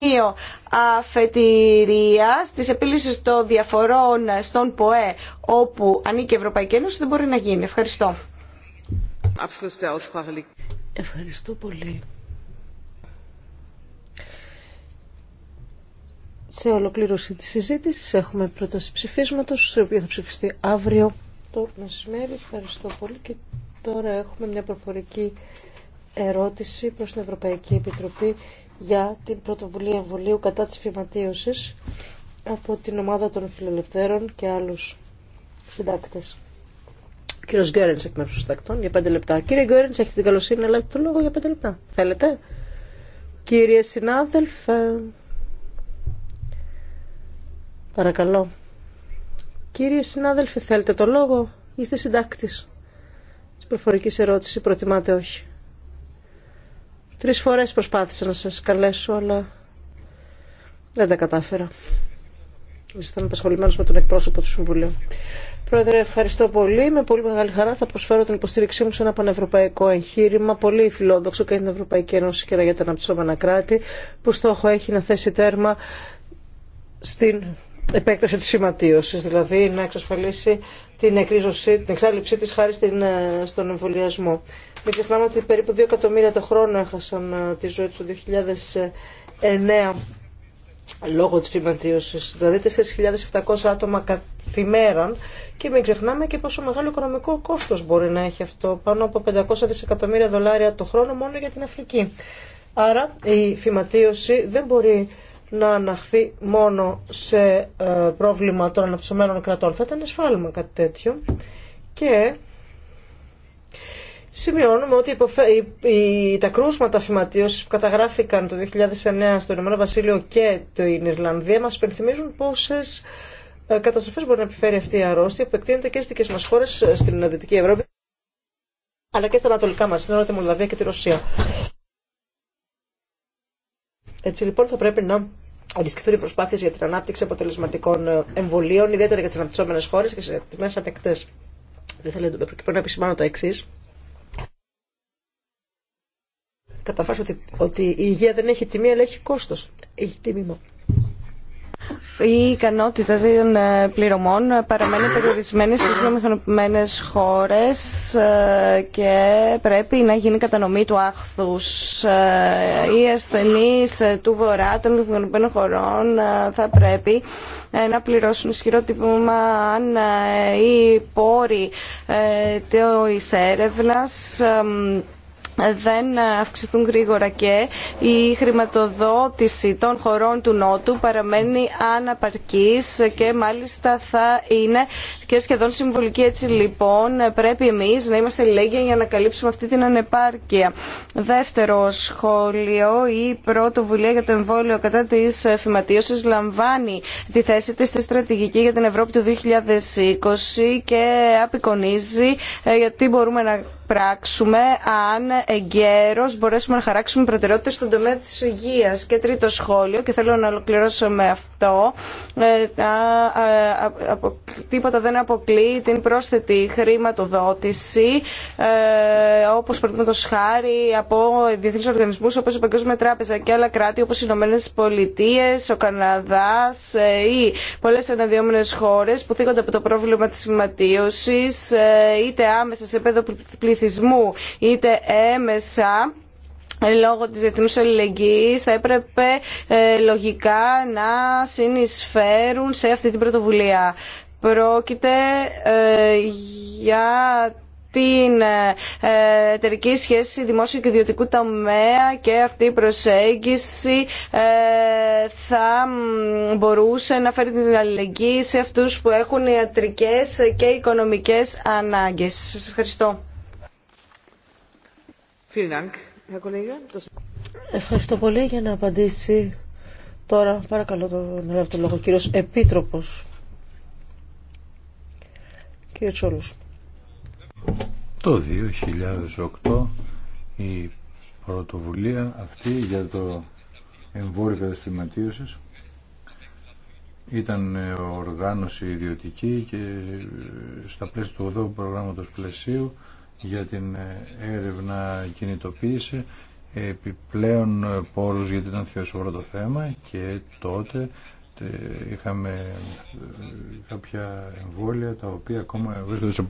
Ταμείο Αφετηρία τη επίλυση των διαφορών στον ΠΟΕ όπου ανήκει η Ευρωπαϊκή Ένωση δεν μπορεί να γίνει. Ευχαριστώ. Ευχαριστώ πολύ. Σε ολοκλήρωση της συζήτηση. έχουμε πρόταση ψηφίσματο, η οποία θα ψηφιστεί αύριο το μεσημέρι. Ευχαριστώ πολύ και τώρα έχουμε μια προφορική ερώτηση προς την Ευρωπαϊκή Επιτροπή για την πρωτοβουλία εμβολίου κατά της φυματίωσης από την ομάδα των φιλελευθέρων και άλλους συντάκτες. Κύριο Γκέρεν, εκ μέρου των για πέντε λεπτά. Κύριε Γκέρεντ, έχετε την καλοσύνη να λάβετε το λόγο για πέντε λεπτά. Θέλετε. Κύριε συνάδελφε. Παρακαλώ. Κύριε συνάδελφε, θέλετε το λόγο. Είστε συντάκτη. Τη προφορική ερώτηση προτιμάτε όχι. Τρεις φορές προσπάθησα να σας καλέσω, αλλά δεν τα κατάφερα. Ήσταν απασχολημένος με τον εκπρόσωπο του Συμβουλίου. Πρόεδρε, ευχαριστώ πολύ. Με πολύ μεγάλη χαρά θα προσφέρω την υποστήριξή μου σε ένα πανευρωπαϊκό εγχείρημα, πολύ φιλόδοξο και την Ευρωπαϊκή Ένωση και για τα αναπτυσσόμενα κράτη, που στόχο έχει να θέσει τέρμα στην επέκταση της σηματίωσης, δηλαδή να εξασφαλίσει την, εκρίζωση, την εξάλληψή της χάρη στην, ε, στον εμβολιασμό. Μην ξεχνάμε ότι περίπου 2 εκατομμύρια το χρόνο έχασαν ε, τη ζωή του 2009 λόγω της φυματίωσης, δηλαδή 4.700 άτομα καθημέραν και μην ξεχνάμε και πόσο μεγάλο οικονομικό κόστος μπορεί να έχει αυτό, πάνω από 500 δισεκατομμύρια δολάρια το χρόνο μόνο για την Αφρική. Άρα η φυματίωση δεν μπορεί να αναχθεί μόνο σε ε, πρόβλημα των αναψωμένων κρατών. Θα ήταν εσφάλμα κάτι τέτοιο. Και σημειώνουμε ότι τα κρούσματα φυματίωσης που καταγράφηκαν το 2009 στο Ηνωμένο Βασίλειο και την Ιρλανδία μας υπενθυμίζουν πόσες ε, καταστροφές μπορεί να επιφέρει αυτή η αρρώστια που εκτείνεται και στις δικές μας χώρες ε, στην Δυτική Ευρώπη αλλά και στα ανατολικά μας, στην Ελλάδα, τη Μολδαβία και τη Ρωσία. Έτσι λοιπόν θα πρέπει να ενισχυθούν οι προσπάθειε για την ανάπτυξη αποτελεσματικών ε, εμβολίων, ιδιαίτερα για τι αναπτυσσόμενε χώρε και σε τιμέ ανεκτέ. Δεν θέλω να πρέπει να επισημάνω τα εξή. Καταρχά ότι, ότι η υγεία δεν έχει τιμή, αλλά έχει κόστο. Έχει μου η ικανότητα των ε, πληρωμών ε, παραμένει περιορισμένη στις βιομηχανοποιημένες χώρες ε, και πρέπει να γίνει κατανομή του άχθους. Οι ασθενείς του Βορρά των βιομηχανοποιημένων χωρών θα πρέπει να πληρώσουν ισχυρό τιμήμα αν οι πόροι της έρευνας δεν αυξηθούν γρήγορα και η χρηματοδότηση των χωρών του Νότου παραμένει αναπαρκής και μάλιστα θα είναι και σχεδόν συμβολική. Έτσι λοιπόν πρέπει εμείς να είμαστε λέγια για να καλύψουμε αυτή την ανεπάρκεια. Δεύτερο σχόλιο, η πρωτοβουλία για το εμβόλιο κατά της φυματίωσης λαμβάνει τη θέση της στη στρατηγική για την Ευρώπη του 2020 και απεικονίζει ε, γιατί μπορούμε να πράξουμε αν εγκαίρως μπορέσουμε να χαράξουμε προτεραιότητες στον τομέα της υγείας. Και τρίτο σχόλιο, και θέλω να ολοκληρώσω με αυτό, ε, τίποτα δεν αποκλεί την πρόσθετη χρηματοδότηση, ε, όπως το χάρη από διεθνείς οργανισμούς όπως η Παγκόσμια Τράπεζα και άλλα κράτη όπως οι Ηνωμένες Πολιτείες, ο Καναδάς ε, ή πολλές αναδυόμενες χώρες που θίγονται από το πρόβλημα της σηματίωσης, είτε άμεσα σε επίπεδο πληθυσμού είτε έμεσα λόγω της διεθνούς αλληλεγγύης θα έπρεπε ε, λογικά να συνεισφέρουν σε αυτή την πρωτοβουλία. Πρόκειται ε, για την ε, εταιρική σχέση δημόσιο και ιδιωτικού τομέα και αυτή η προσέγγιση θα μπορούσε να φέρει την αλληλεγγύη σε αυτούς που έχουν ιατρικές και οικονομικές ανάγκες. Σας ευχαριστώ. Ευχαριστώ πολύ για να απαντήσει τώρα, παρακαλώ τον λόγο, λόγο κύριος Επίτροπος. Κύριε Τσόλος. Το 2008 η πρωτοβουλία αυτή για το εμβόλιο καταστηματίωσης ήταν οργάνωση ιδιωτική και στα πλαίσια του οδό προγράμματος πλαισίου για την ε, έρευνα κινητοποίηση επιπλέον ε, πόρους γιατί ήταν θεοσοβρό το θέμα και τότε είχαμε ε, κάποια εμβόλια τα οποία ακόμα βρίσκονται σε,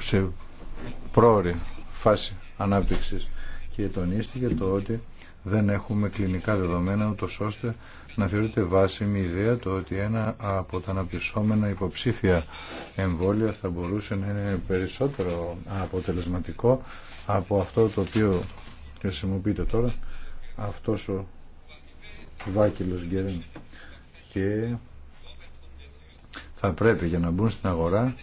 σε πρόορη φάση ανάπτυξης και τονίστηκε το ότι δεν έχουμε κλινικά δεδομένα ούτως ώστε να θεωρείται βάσιμη ιδέα το ότι ένα από τα αναπτυσσόμενα υποψήφια εμβόλια θα μπορούσε να είναι περισσότερο αποτελεσματικό από αυτό το οποίο χρησιμοποιείται τώρα αυτός ο Βάκυλος Γκέρεν και θα πρέπει για να μπουν στην αγορά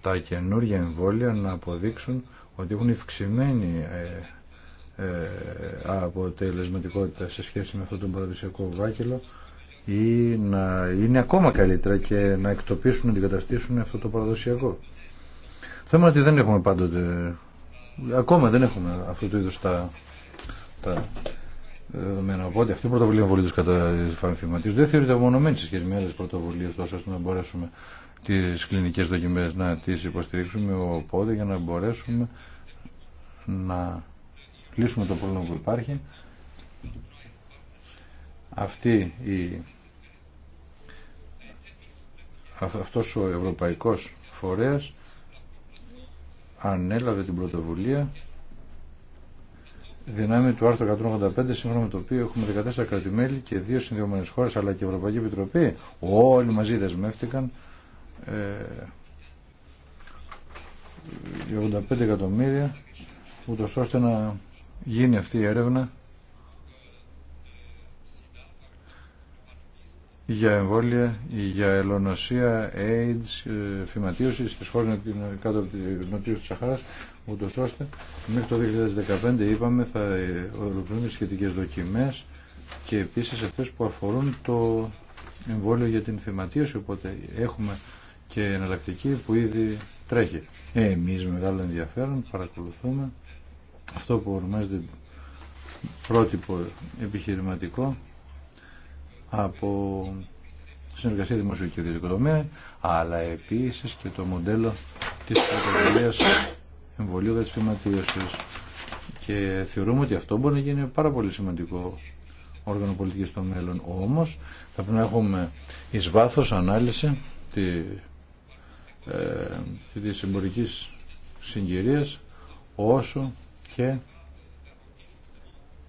τα καινούργια εμβόλια να αποδείξουν ότι έχουν ε, ε, αποτελεσματικότητα σε σχέση με αυτό τον παραδοσιακό βάκελο ή να είναι ακόμα καλύτερα και να εκτοπίσουν, να αντικαταστήσουν αυτό το παραδοσιακό. Θέμα ότι δεν έχουμε πάντοτε, ακόμα δεν έχουμε αυτού του είδους τα, τα δεδομένα. Οπότε αυτή η πρωτοβουλία βολή του κατά δεν θεωρείται απομονωμένη σε σχέση με άλλες πρωτοβουλίες τόσο ώστε να μπορέσουμε τις κλινικές δοκιμές να τις υποστηρίξουμε οπότε για να μπορέσουμε να λύσουμε το πρόβλημα που υπάρχει. Αυτή η, αυτός ο ευρωπαϊκός φορέας ανέλαβε την πρωτοβουλία δυνάμει του άρθρου 185 σύμφωνα με το οποίο έχουμε 14 κρατημέλη και δύο συνδυομένες χώρες αλλά και η Ευρωπαϊκή Επιτροπή όλοι μαζί δεσμεύτηκαν ε, 85 εκατομμύρια ούτως ώστε να γίνει αυτή η έρευνα για εμβόλια, για ελονοσία, AIDS, ε, φυματίωση στις χώρες κάτω από τη νοτίου της Σαχάρας, ούτως ώστε μέχρι το 2015 είπαμε θα ε, ολοκληρώνουν τις σχετικές δοκιμές και επίσης αυτές που αφορούν το εμβόλιο για την φυματίωση, οπότε έχουμε και εναλλακτική που ήδη τρέχει. Ε, εμείς μεγάλο ενδιαφέρον παρακολουθούμε αυτό που ονομάζεται πρότυπο επιχειρηματικό από συνεργασία δημοσίου και ιδιωτικού αλλά επίσης και το μοντέλο της πρωτοβουλία εμβολίου για τις Και θεωρούμε ότι αυτό μπορεί να γίνει πάρα πολύ σημαντικό όργανο πολιτικής στο μέλλον. Όμως θα πρέπει να έχουμε εις βάθος ανάλυση τη, ε, της εμπορικής όσο και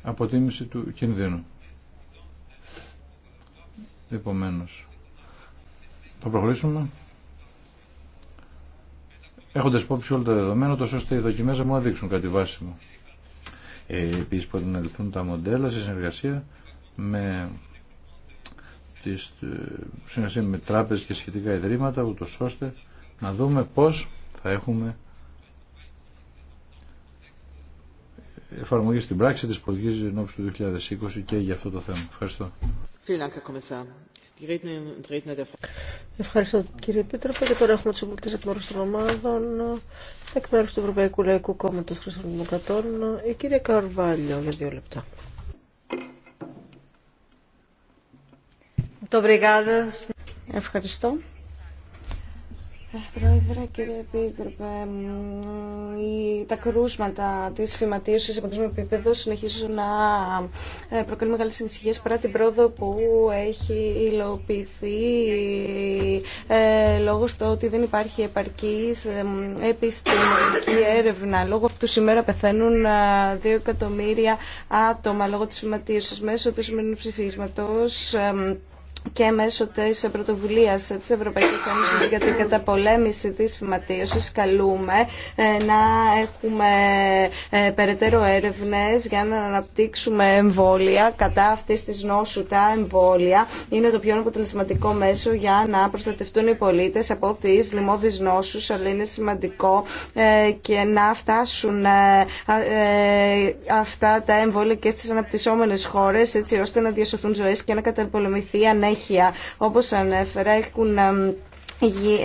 αποτίμηση του κινδύνου. Επομένως, θα προχωρήσουμε έχοντας υπόψη όλα τα δεδομένα, τόσο ώστε οι δοκιμές να μου αδείξουν κάτι βάσιμο. Ε, επίσης, πρέπει να λυθούν τα μοντέλα σε συνεργασία με τις ε, συνεργασία με τράπεζες και σχετικά ιδρύματα, ούτως ώστε να δούμε πώς θα έχουμε εφαρμογή στην πράξη της πολιτικής ενόψης του 2020 και για αυτό το θέμα. Ευχαριστώ. Ευχαριστώ κύριε Επίτροπε και τώρα έχουμε τους ομιλητές εκ μέρους των ομάδων εκ μέρους του Ευρωπαϊκού Λαϊκού Κόμματος Δημοκρατών, η κυρία Καρβάλιο για δύο λεπτά. Ευχαριστώ. Πρόεδρε, κύριε Επίτροπε, τα κρούσματα της φυματίωση σε παγκόσμιο επίπεδο συνεχίζουν να ε, προκαλούν μεγάλε ανησυχίε παρά την πρόοδο που έχει υλοποιηθεί ε, λόγω στο ότι δεν υπάρχει επαρκής ε, επιστημονική έρευνα. Λόγω αυτού σήμερα πεθαίνουν δύο εκατομμύρια άτομα λόγω της φυματίωσης μέσω του σημερινού ψηφίσματο και μέσω της πρωτοβουλίας της Ευρωπαϊκής Ένωσης για την καταπολέμηση της φυματίωσης καλούμε ε, να έχουμε ε, περαιτέρω έρευνες για να αναπτύξουμε εμβόλια κατά αυτής της νόσου τα εμβόλια είναι το πιο αποτελεσματικό μέσο για να προστατευτούν οι πολίτες από τις λοιμώδεις νόσους αλλά είναι σημαντικό ε, και να φτάσουν αυτά τα εμβόλια και στις αναπτυσσόμενες χώρες έτσι ώστε να διασωθούν ζωές και να καταπολεμηθεί ανέχεια συνέχεια, όπως ανέφερα, έχουν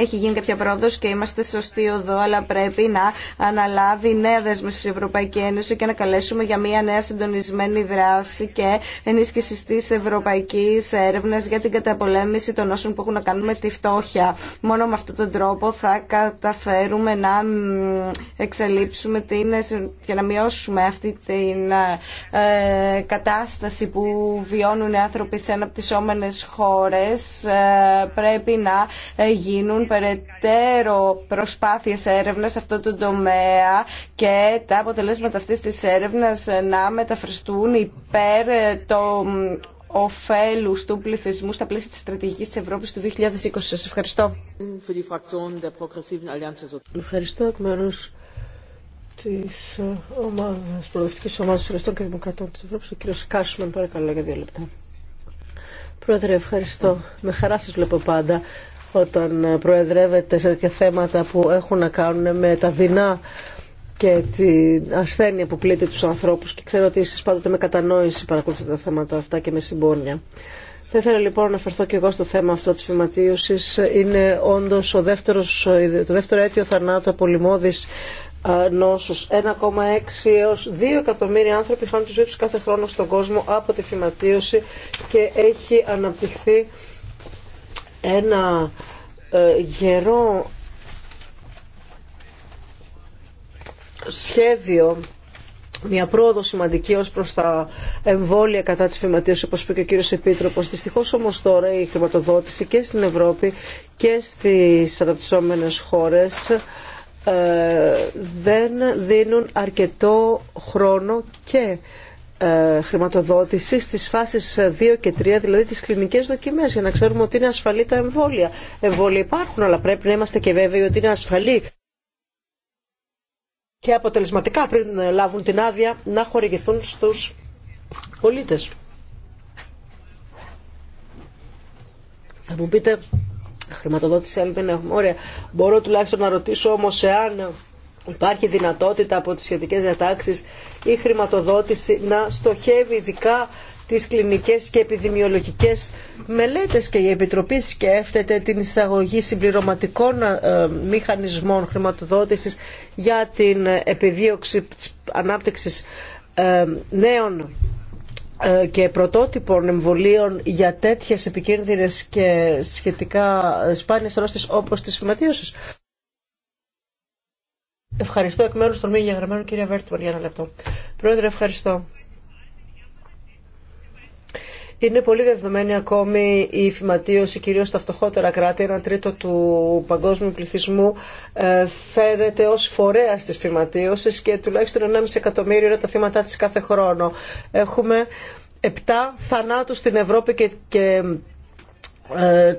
έχει γίνει κάποια πρόοδο και είμαστε σωστοί εδώ, αλλά πρέπει να αναλάβει νέα δέσμευση Ευρωπαϊκή Ένωση και να καλέσουμε για μια νέα συντονισμένη δράση και ενίσχυση τη ευρωπαϊκή έρευνα για την καταπολέμηση των όσων που έχουν να κάνουν με τη φτώχεια. Μόνο με αυτόν τον τρόπο θα καταφέρουμε να εξελίψουμε την, και να μειώσουμε αυτή την ε, κατάσταση που βιώνουν οι άνθρωποι σε αναπτυσσόμενε χώρε. Ε, πρέπει να ε, γίνουν περαιτέρω προσπάθειες έρευνας σε αυτό το τομέα και τα αποτελέσματα αυτής της έρευνας να μεταφραστούν υπέρ το ωφέλου του πληθυσμού στα πλαίσια τη στρατηγική τη Ευρώπη του 2020. Σα ευχαριστώ. Ευχαριστώ εκ μέρου τη ε, ομάδα προοδευτική ομάδα Σοσιαλιστών και Δημοκρατών τη Ευρώπη, ο κ. Κάσμαν, παρακαλώ για δύο λεπτά. Πρόεδρε, ευχαριστώ. Με χαρά σα βλέπω πάντα όταν προεδρεύεται σε τέτοια θέματα που έχουν να κάνουν με τα δεινά και την ασθένεια που πλήττει τους ανθρώπους και ξέρω ότι εσείς πάντοτε με κατανόηση παρακολουθείτε τα θέματα αυτά και με συμπόνια. Θα ήθελα λοιπόν να αφαιρθώ και εγώ στο θέμα αυτό της φυματίωσης. Είναι όντως ο δεύτερος, το δεύτερο αίτιο θανάτου από λοιμώδης νόσους. 1,6 έως 2 εκατομμύρια άνθρωποι χάνουν τη ζωή τους κάθε χρόνο στον κόσμο από τη φυματίωση και έχει αναπτυχθεί ένα ε, γερό σχέδιο μια πρόοδο σημαντική ως προς τα εμβόλια κατά τη φυματίωση, όπως είπε και ο κύριος Επίτροπος, Δυστυχώ όμω τώρα η χρηματοδότηση και στην Ευρώπη και στι αναπτυσσόμενε χώρε ε, δεν δίνουν αρκετό χρόνο και ε, χρηματοδότηση στις φάσεις 2 και 3, δηλαδή τις κλινικές δοκιμές, για να ξέρουμε ότι είναι ασφαλή τα εμβόλια. Εμβόλια υπάρχουν, αλλά πρέπει να είμαστε και βέβαιοι ότι είναι ασφαλή και αποτελεσματικά πριν λάβουν την άδεια να χορηγηθούν στους πολίτες. Θα μου πείτε, χρηματοδότηση άλλη δεν έχουμε. Ωραία. Μπορώ τουλάχιστον να ρωτήσω όμως εάν Υπάρχει δυνατότητα από τις σχετικές διατάξεις η χρηματοδότηση να στοχεύει ειδικά τις κλινικές και επιδημιολογικές μελέτες και η Επιτροπή σκέφτεται την εισαγωγή συμπληρωματικών ε, μηχανισμών χρηματοδότησης για την επιδίωξη της ανάπτυξης ε, νέων ε, και πρωτότυπων εμβολίων για τέτοιες επικίνδυνες και σχετικά σπάνιες αρρώστιες όπως τις φυματίωσης. Ευχαριστώ εκ μέρου των μη εγγεγραμμένων, κυρία Βέρτμαν, για ένα λεπτό. Πρόεδρε, ευχαριστώ. Είναι πολύ δεδομένη ακόμη η φυματίωση κυρίως στα φτωχότερα κράτη. Ένα τρίτο του παγκόσμιου πληθυσμού ε, φέρεται ως φορέα της φυματίωσης και τουλάχιστον 1,5 εκατομμύριο είναι τα θύματα της κάθε χρόνο. Έχουμε 7 θανάτους στην Ευρώπη και ε,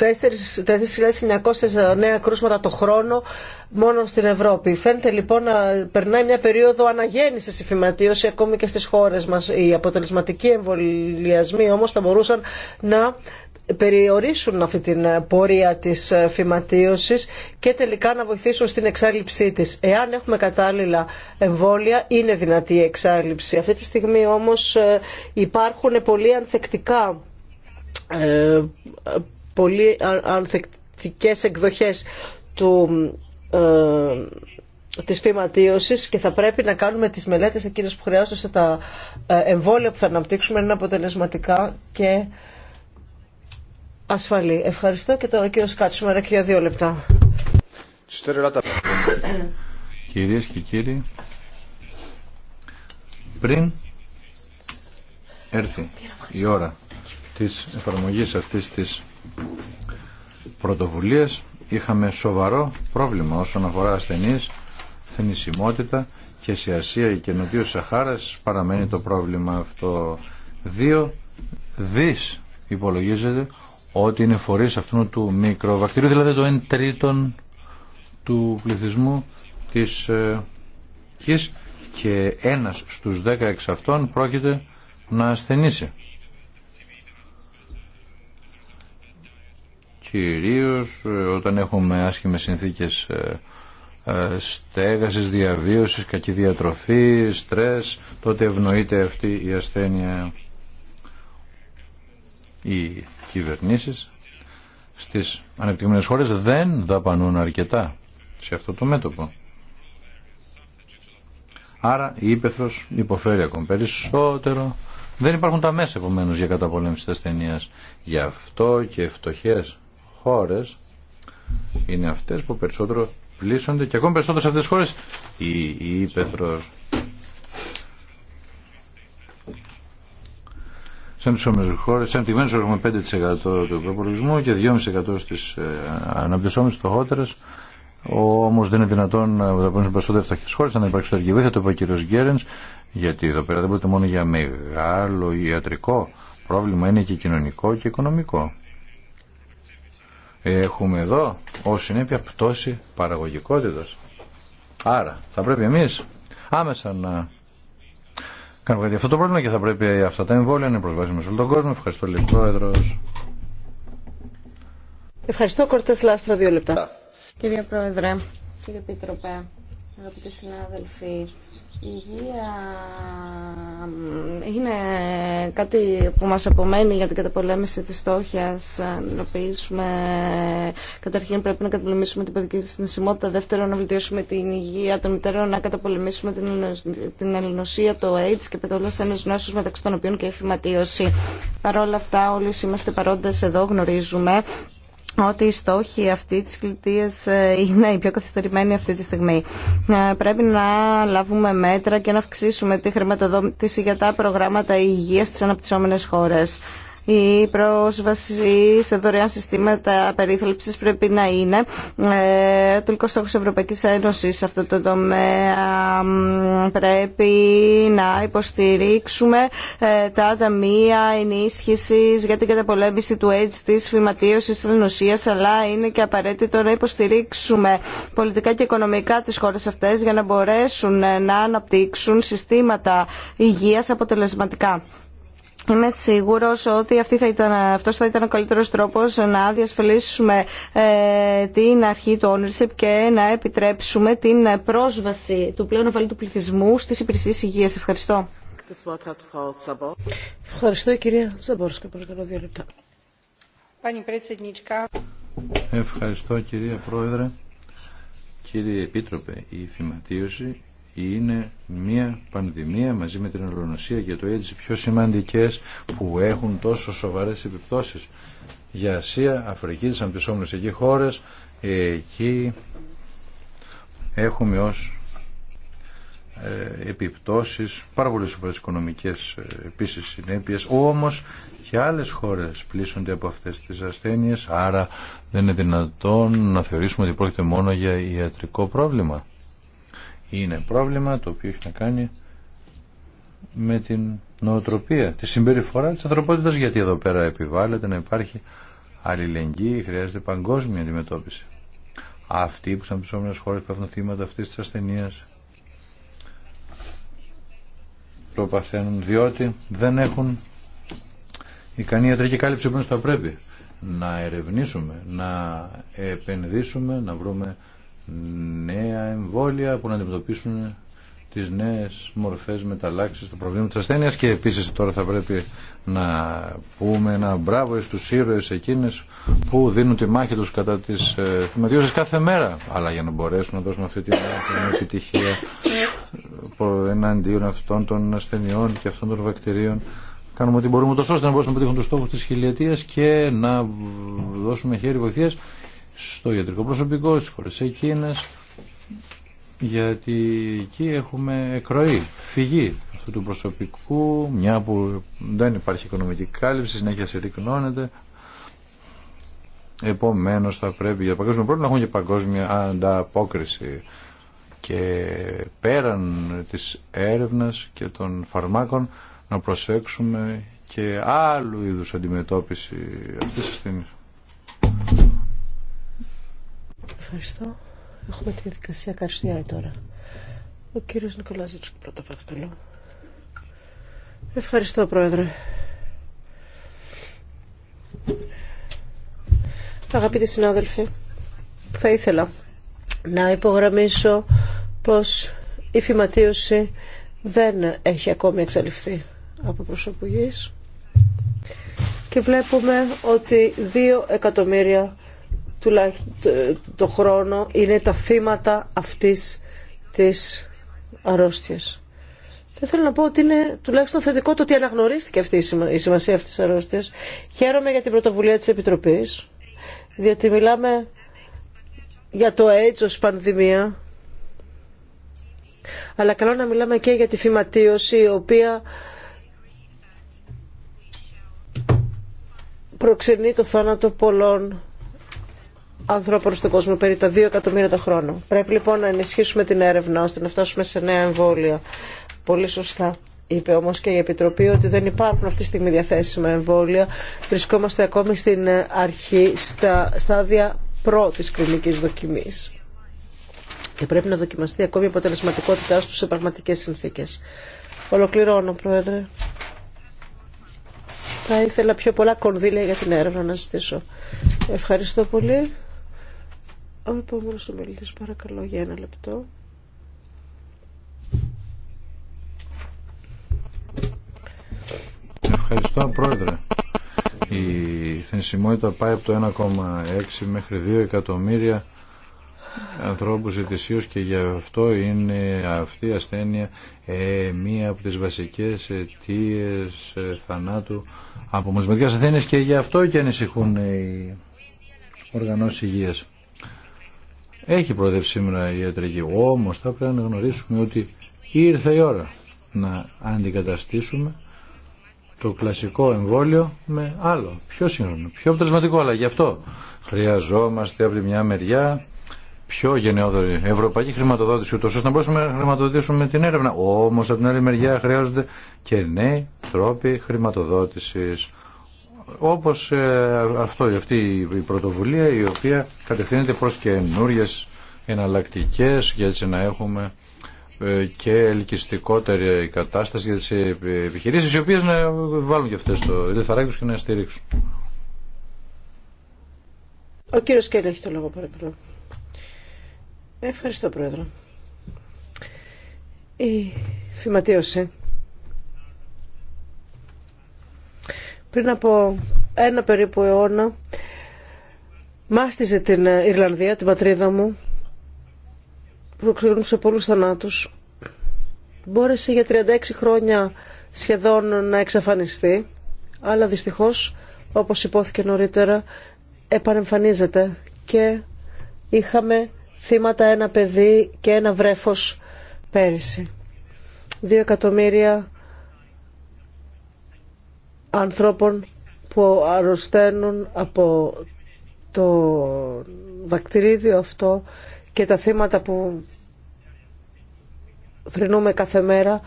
4.900 νέα κρούσματα το χρόνο μόνο στην Ευρώπη. Φαίνεται λοιπόν να περνάει μια περίοδο αναγέννησης η φυματίωση ακόμη και στις χώρες μας. Οι αποτελεσματικοί εμβολιασμοί όμως θα μπορούσαν να περιορίσουν αυτή την πορεία της φυματίωσης και τελικά να βοηθήσουν στην εξάλληψή της. Εάν έχουμε κατάλληλα εμβόλια είναι δυνατή η εξάλληψη. Αυτή τη στιγμή όμως ε, υπάρχουν πολύ ανθεκτικά ε, πολύ ανθεκτικές εκδοχές του, ε, της φυματίωσης και θα πρέπει να κάνουμε τις μελέτες εκείνες που χρειάζονται σε τα ε, εμβόλια που θα αναπτύξουμε είναι αποτελεσματικά και ασφαλή. Ευχαριστώ και τώρα κύριο Κάτσουμερα και για δύο λεπτά. Κυρίες και κύριοι, πριν έρθει η ώρα της εφαρμογής αυτής της πρωτοβουλίας είχαμε σοβαρό πρόβλημα όσον αφορά ασθενείς, θνησιμότητα και σε Ασία και Νοτιού Σαχάρας παραμένει το πρόβλημα αυτό. Δύο δις υπολογίζεται ότι είναι φορείς αυτού του μικροβακτηρίου, δηλαδή το 1 τρίτον του πληθυσμού της ε, και ένας στους 10 εξ αυτών πρόκειται να ασθενήσει. κυρίως ε, όταν έχουμε άσχημες συνθήκες ε, ε, στέγασης, διαβίωσης, κακή διατροφή, στρες, τότε ευνοείται αυτή η ασθένεια οι κυβερνήσεις στις ανεπτυγμένες χώρες δεν δαπανούν αρκετά σε αυτό το μέτωπο. Άρα η ύπεθρος υποφέρει ακόμη περισσότερο. Δεν υπάρχουν τα μέσα επομένως για καταπολέμηση της ασθενείας. Γι' αυτό και φτωχές χώρες είναι αυτές που περισσότερο πλήσονται και ακόμη περισσότερο σε αυτές τις χώρες η, η Ήπεθρος. Σαν τις χώρες, σαν έχουμε 5% του προπολογισμού και 2,5% στις ε, αναπτυσσόμενες Όμω δεν είναι δυνατόν να δαπανίσουν περισσότερο φτωχέ χώρε, να υπάρξει τοργική βοήθεια, το είπε ο κύριο Γκέρεν, γιατί εδώ πέρα δεν πρόκειται μόνο για μεγάλο ιατρικό πρόβλημα, είναι και κοινωνικό και οικονομικό έχουμε εδώ ως συνέπεια πτώση παραγωγικότητας. Άρα θα πρέπει εμείς άμεσα να κάνουμε κάτι αυτό το πρόβλημα και θα πρέπει αυτά τα εμβόλια να είναι σε όλο τον κόσμο. Ευχαριστώ λίγο Πρόεδρο. Ευχαριστώ Κορτές Λάστρα δύο λεπτά. Κύριε Πρόεδρε, κύριε Πίτροπε, αγαπητοί συνάδελφοι, η υγεία είναι κάτι που μας απομένει για την καταπολέμηση της στόχιας να καταρχήν πρέπει να καταπολεμήσουμε την παιδική τα δεύτερον να βελτιώσουμε την υγεία των μητέρων να καταπολεμήσουμε την ελληνοσία το AIDS και πετώλας ένας νόσους μεταξύ των οποίων και η φυματίωση παρόλα αυτά όλοι είμαστε παρόντες εδώ γνωρίζουμε ότι οι στόχοι αυτή της κλητίας ε, είναι οι πιο καθυστερημένοι αυτή τη στιγμή. Ε, πρέπει να λάβουμε μέτρα και να αυξήσουμε τη χρηματοδότηση για τα προγράμματα υγείας στις αναπτυσσόμενες χώρες η πρόσβαση σε δωρεάν συστήματα περίθαλψης πρέπει να είναι ε, τελικό στόχος Ευρωπαϊκής Ένωσης σε αυτό το τομέα. Πρέπει να υποστηρίξουμε ε, τα ταμεία ενίσχυσης για την καταπολέμηση του AIDS, της φυματίωσης, της ελληνοσίας, αλλά είναι και απαραίτητο να υποστηρίξουμε πολιτικά και οικονομικά τις χώρες αυτές για να μπορέσουν να αναπτύξουν συστήματα υγείας αποτελεσματικά. Είμαι σίγουρος ότι αυτή θα ήταν, αυτός θα ήταν ο καλύτερος τρόπος να διασφαλίσουμε ε, την αρχή του ownership και να επιτρέψουμε την πρόσβαση του πλέον ωφελού του πληθυσμού στις υπηρεσίες υγείας. Ευχαριστώ. Ευχαριστώ κυρία Σαμπόρσκα. Παρακαλώ δύο λεπτά. Ευχαριστώ κυρία Πρόεδρε. Κύριε Επίτροπε, η είναι μια πανδημία μαζί με την ολονοσία για το έτσι πιο σημαντικές που έχουν τόσο σοβαρές επιπτώσεις για Ασία, Αφρική, τις αμπισόμενες εκεί χώρες εκεί έχουμε ως ε, επιπτώσεις πάρα πολλές σοβαρές οικονομικές ε, επίσης συνέπειες όμως και άλλες χώρες πλήσονται από αυτές τις ασθένειες άρα δεν είναι δυνατόν να θεωρήσουμε ότι πρόκειται μόνο για ιατρικό πρόβλημα είναι πρόβλημα το οποίο έχει να κάνει με την νοοτροπία, τη συμπεριφορά της ανθρωπότητας γιατί εδώ πέρα επιβάλλεται να υπάρχει αλληλεγγύη, χρειάζεται παγκόσμια αντιμετώπιση. Αυτοί που σαν χώρε χώρες έχουν θύματα αυτής της ασθενείας το παθαίνουν διότι δεν έχουν ικανή ιατρική κάλυψη που θα πρέπει να ερευνήσουμε, να επενδύσουμε, να βρούμε νέα εμβόλια που να αντιμετωπίσουν τις νέες μορφές μεταλλάξεις του προβλήμα της ασθένεια. και επίση τώρα θα πρέπει να πούμε ένα μπράβο στους ήρωες εκείνες που δίνουν τη μάχη τους κατά τις ε, κάθε μέρα αλλά για να μπορέσουν να δώσουν αυτή την, επιτυχία εναντίον αυτών των ασθενειών και αυτών των βακτηρίων κάνουμε ό,τι μπορούμε τόσο ώστε να μπορέσουμε να πετύχουμε τους στόχους της χιλιετίας και να δώσουμε χέρι βοηθείας στο ιατρικό προσωπικό, στις χώρες εκείνες, γιατί εκεί έχουμε εκροή, φυγή αυτού του προσωπικού, μια που δεν υπάρχει οικονομική κάλυψη, συνέχεια συρρυκνώνεται. Επομένως θα πρέπει για παγκόσμιο πρόβλημα να έχουμε και παγκόσμια ανταπόκριση και πέραν της έρευνας και των φαρμάκων να προσέξουμε και άλλου είδους αντιμετώπιση αυτής της ασθένειας. Ευχαριστώ. Έχουμε τη διαδικασία καρσιά τώρα. Ο κύριος Νικολάζητσου πρώτα παρακαλώ. Ευχαριστώ Πρόεδρε. Αγαπητοί συνάδελφοι, θα ήθελα να υπογραμμίσω πως η φυματίωση δεν έχει ακόμη εξαλειφθεί από προσωπουγής και βλέπουμε ότι δύο εκατομμύρια τουλάχιστον το χρόνο είναι τα θύματα αυτής της αρρώστιας. Και θέλω να πω ότι είναι τουλάχιστον θετικό το ότι αναγνωρίστηκε αυτή η σημασία αυτής της αρρώστιας. Χαίρομαι για την πρωτοβουλία της Επιτροπής, διότι μιλάμε για το AIDS ως πανδημία, αλλά καλό να μιλάμε και για τη φυματίωση, η οποία προξενεί το θάνατο πολλών ανθρώπων στον κόσμο, περί τα 2 εκατομμύρια το χρόνο. Πρέπει λοιπόν να ενισχύσουμε την έρευνα ώστε να φτάσουμε σε νέα εμβόλια. Πολύ σωστά. Είπε όμως και η Επιτροπή ότι δεν υπάρχουν αυτή τη στιγμή διαθέσιμα εμβόλια. Βρισκόμαστε ακόμη στην αρχή, στα στάδια πρώτης κλινικής δοκιμής. Και πρέπει να δοκιμαστεί ακόμη η αποτελεσματικότητά του σε πραγματικές συνθήκες. Ολοκληρώνω, Πρόεδρε. Θα ήθελα πιο πολλά κονδύλια για την έρευνα να ζητήσω. Ευχαριστώ πολύ. Ο επόμενος ομιλητής παρακαλώ για ένα λεπτό. Ευχαριστώ πρόεδρε. Η θενσιμότητα πάει από το 1,6 μέχρι 2 εκατομμύρια ανθρώπους ετησίως και γι' αυτό είναι αυτή η ασθένεια ε, μία από τις βασικές αιτίε ε, θανάτου από μοσμετικές ασθένειες και γι' αυτό και ανησυχούν οι οργανώσεις υγείας. Έχει προοδεύσει σήμερα η ιατρική. Όμως θα πρέπει να γνωρίσουμε ότι ήρθε η ώρα να αντικαταστήσουμε το κλασικό εμβόλιο με άλλο, πιο σύγχρονο, πιο αποτελεσματικό. Αλλά γι' αυτό χρειαζόμαστε από τη μια μεριά πιο γενναιόδορη ευρωπαϊκή χρηματοδότηση, ούτω ώστε να μπορέσουμε να χρηματοδοτήσουμε την έρευνα. Όμω από την άλλη μεριά χρειάζονται και νέοι τρόποι χρηματοδότηση όπως ε, αυτό, αυτή η πρωτοβουλία η οποία κατευθύνεται προς καινούριε εναλλακτικέ για έτσι να έχουμε ε, και ελκυστικότερη κατάσταση για τις ε, επιχειρήσεις οι οποίες να βάλουν και αυτές το δεθαράκι και να στηρίξουν. Ο κύριος Κέλλη έχει το λόγο παρακαλώ. Ευχαριστώ Πρόεδρο. Η φυματίωση πριν από ένα περίπου αιώνα μάστιζε την ε, Ιρλανδία, την πατρίδα μου, προξενούσε πολλούς θανάτους. Μπόρεσε για 36 χρόνια σχεδόν να εξαφανιστεί, αλλά δυστυχώς, όπως υπόθηκε νωρίτερα, επανεμφανίζεται και είχαμε θύματα ένα παιδί και ένα βρέφος πέρυσι. Δύο εκατομμύρια ανθρώπων που αρρωσταίνουν από το βακτηρίδιο αυτό και τα θύματα που θρυνούμε κάθε μέρα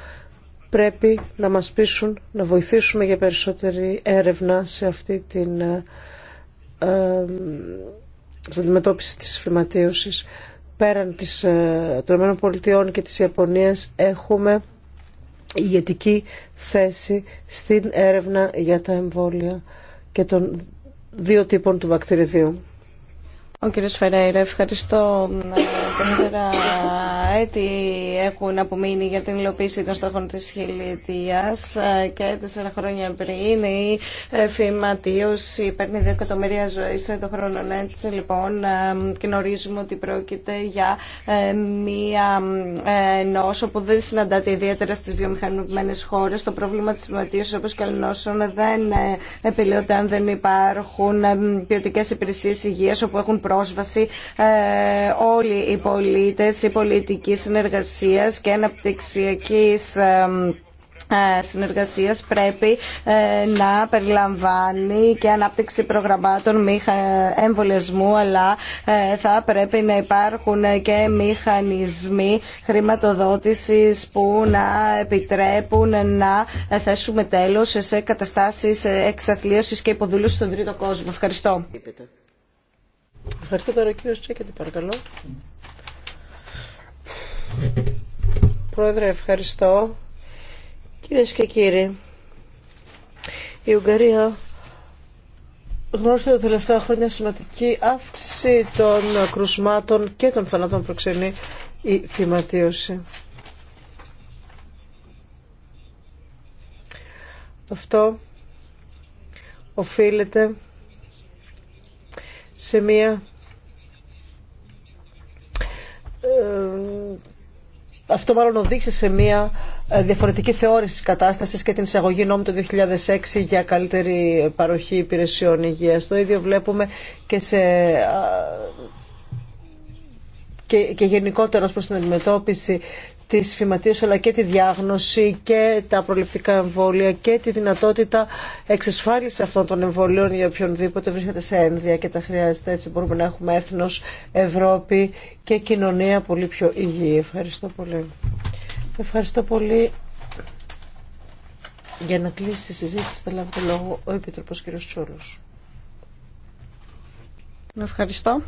πρέπει να μας πείσουν να βοηθήσουμε για περισσότερη έρευνα σε αυτή την ε, ε αντιμετώπιση της φυματίωσης. Πέραν της, ε, των ΗΠΑ και της Ιαπωνίας έχουμε ηγετική θέση στην έρευνα για τα εμβόλια και των δύο τύπων του βακτηριδίου. Ο κύριο Φεραίρα, ευχαριστώ. Τέσσερα έτη έχουν απομείνει για την υλοποίηση των στόχων τη χιλιετία και τέσσερα χρόνια πριν η φήματίωση. παίρνει δύο εκατομμύρια ζωής το χρόνο. Ναι, έτσι λοιπόν γνωρίζουμε ότι πρόκειται για ε, μία ε, νόσο που δεν συναντάται ιδιαίτερα στι βιομηχανικέ χώρε. Το πρόβλημα τη φηματίωση όπω και νόσων δεν ε, επιλύονται αν δεν υπάρχουν ποιοτικέ υπηρεσίε υγεία όπου έχουν πρόβλημα πρόσβαση ε, όλοι οι πολίτες, η πολιτική συνεργασία και αναπτυξιακή ε, ε, συνεργασίας πρέπει να περιλαμβάνει και ανάπτυξη προγραμμάτων εμβολιασμού αλλά θα πρέπει να υπάρχουν και μηχανισμοί χρηματοδότησης που να επιτρέπουν να θέσουμε τέλος σε καταστάσεις εξαθλίωσης και υποδούλωσης στον τρίτο κόσμο. Ευχαριστώ. Ευχαριστώ τώρα ο κύριος Τσέκετη, παρακαλώ. Πρόεδρε, ευχαριστώ. Κυρίες και κύριοι, η Ουγγαρία γνώρισε τα τελευταία χρόνια σημαντική αύξηση των κρουσμάτων και των θανάτων προξενή η φυματίωση. Αυτό οφείλεται σε μια ε, αυτό μάλλον οδήγησε σε μια ε, διαφορετική θεώρηση της κατάστασης και την εισαγωγή νόμου το 2006 για καλύτερη παροχή υπηρεσιών υγείας. Το ίδιο βλέπουμε και σε ε, και, γενικότερα προς την αντιμετώπιση τις φυματίες αλλά και τη διάγνωση και τα προληπτικά εμβόλια και τη δυνατότητα εξασφάλιση αυτών των εμβολίων για οποιονδήποτε βρίσκεται σε ένδια και τα χρειάζεται. Έτσι μπορούμε να έχουμε έθνος, Ευρώπη και κοινωνία πολύ πιο υγιή. Ευχαριστώ πολύ. Ευχαριστώ πολύ. Για να κλείσει τη συζήτηση θα λάβει το λόγο ο Επίτροπος κ. Τσόλος. Ευχαριστώ.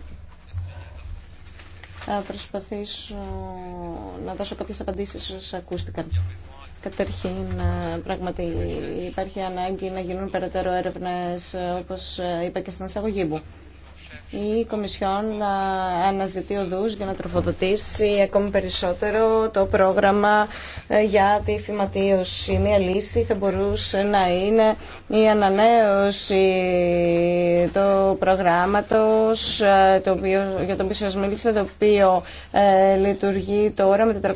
Θα ε, προσπαθήσω να δώσω κάποιες απαντήσεις όσες ακούστηκαν. Καταρχήν, ε, πράγματι υπάρχει ανάγκη να γίνουν περαιτέρω έρευνες, ε, όπως είπα και στην εισαγωγή μου η Κομισιόν να ε, αναζητεί οδούς για να τροφοδοτήσει ακόμη περισσότερο το πρόγραμμα ε, για τη φυματίωση. Μία λύση θα μπορούσε να είναι η ανανέωση του προγράμματος ε, το οποίο, για τον οποίο σας μίλησα, το οποίο ε, λειτουργεί τώρα με 400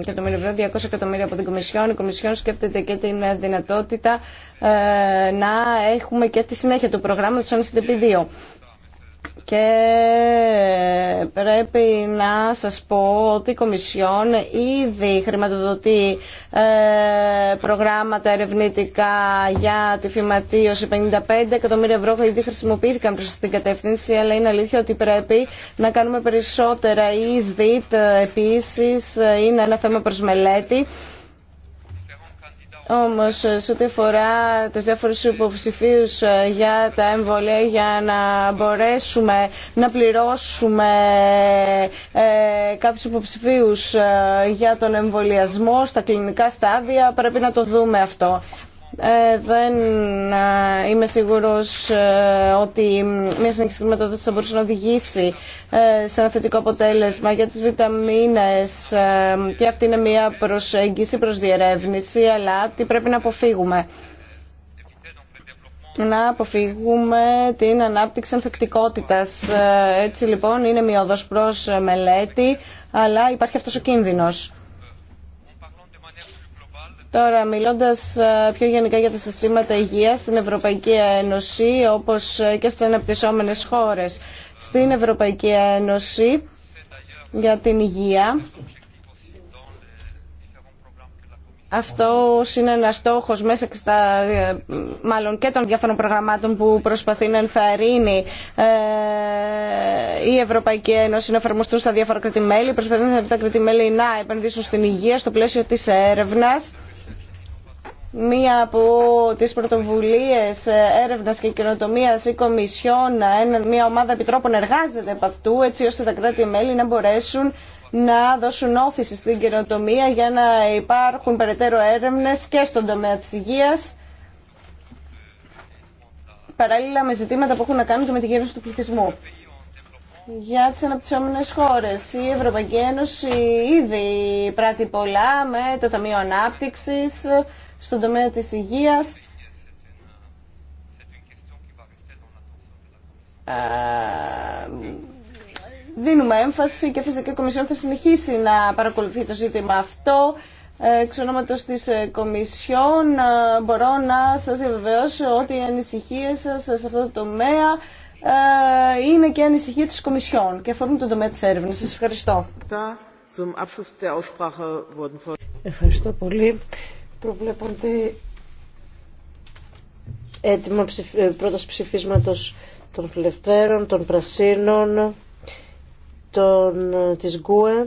εκατομμύρια ευρώ, 200 εκατομμύρια από την Κομισιόν. Η Κομισιόν σκέφτεται και την δυνατότητα να έχουμε και τη συνέχεια του προγράμματος, αν είστε 2 και πρέπει να σας πω ότι η Κομισιόν ήδη χρηματοδοτεί ε, προγράμματα ερευνητικά για τη φυματίωση. 55 εκατομμύρια ευρώ ήδη χρησιμοποιήθηκαν προς την κατεύθυνση, αλλά είναι αλήθεια ότι πρέπει να κάνουμε περισσότερα. Η ΕΣΔΙΤ ε, επίσης ε, είναι ένα θέμα προς μελέτη όμως, σε ό,τι αφορά τις διάφορους υποψηφίου ε, για τα εμβολία για να μπορέσουμε να πληρώσουμε ε, κάποιους υποψηφίους ε, για τον εμβολιασμό στα κλινικά στάδια, πρέπει να το δούμε αυτό. Ε, δεν είμαι σίγουρος ότι μια συνεχιστική μεταδότηση θα μπορούσε να οδηγήσει ε, σε ένα θετικό αποτέλεσμα για τις βιταμίνες ε, και αυτή είναι μια προσέγγιση προς διερεύνηση αλλά τι πρέπει να αποφύγουμε να αποφύγουμε την ανάπτυξη ανθεκτικότητας. Ε, έτσι λοιπόν είναι μια προς μελέτη, αλλά υπάρχει αυτός ο κίνδυνος. Τώρα, μιλώντας ε, πιο γενικά για τα συστήματα υγείας στην Ευρωπαϊκή Ένωση, όπως ε, και στις αναπτυσσόμενες χώρες, στην Ευρωπαϊκή Ένωση για την υγεία, αυτό είναι ένα στόχο μέσα και στα, ε, μάλλον και των διάφορων προγραμμάτων που προσπαθεί να ενθαρρύνει η Ευρωπαϊκή Ένωση να εφαρμοστούν στα διάφορα κρατημέλη. Προσπαθεί να τα κρατημέλη να επενδύσουν στην υγεία στο πλαίσιο τη έρευνα μία από τις πρωτοβουλίες έρευνας και κοινοτομίας ή κομισιόν, μία ομάδα επιτρόπων εργάζεται από αυτού, έτσι ώστε τα κράτη-μέλη να μπορέσουν να δώσουν όθηση στην καινοτομία για να υπάρχουν περαιτέρω έρευνες και στον τομέα της υγείας, παράλληλα με ζητήματα που έχουν να κάνουν και με τη γέννηση του πληθυσμού. Για τις αναπτυσσόμενες χώρες, η Ευρωπαϊκή Ένωση ήδη πράττει πολλά με το Ταμείο Ανάπτυξης, στον τομέα της υγείας. Δίνουμε έμφαση και φυσικά η Κομισιόν θα συνεχίσει να παρακολουθεί το ζήτημα αυτό. Εξ ονόματος της Κομισιόν μπορώ να σας διαβεβαιώσω ότι οι ανησυχίες σας σε αυτό το τομέα είναι και ανησυχία της Κομισιόν και αφορούν τον τομέα της έρευνας. Σας ευχαριστώ. Ευχαριστώ πολύ προβλέπονται έτοιμα ε, πρόταση ψηφίσματος των φιλευθέρων, των πρασίνων, των, ε, της ΓΚΟΕ.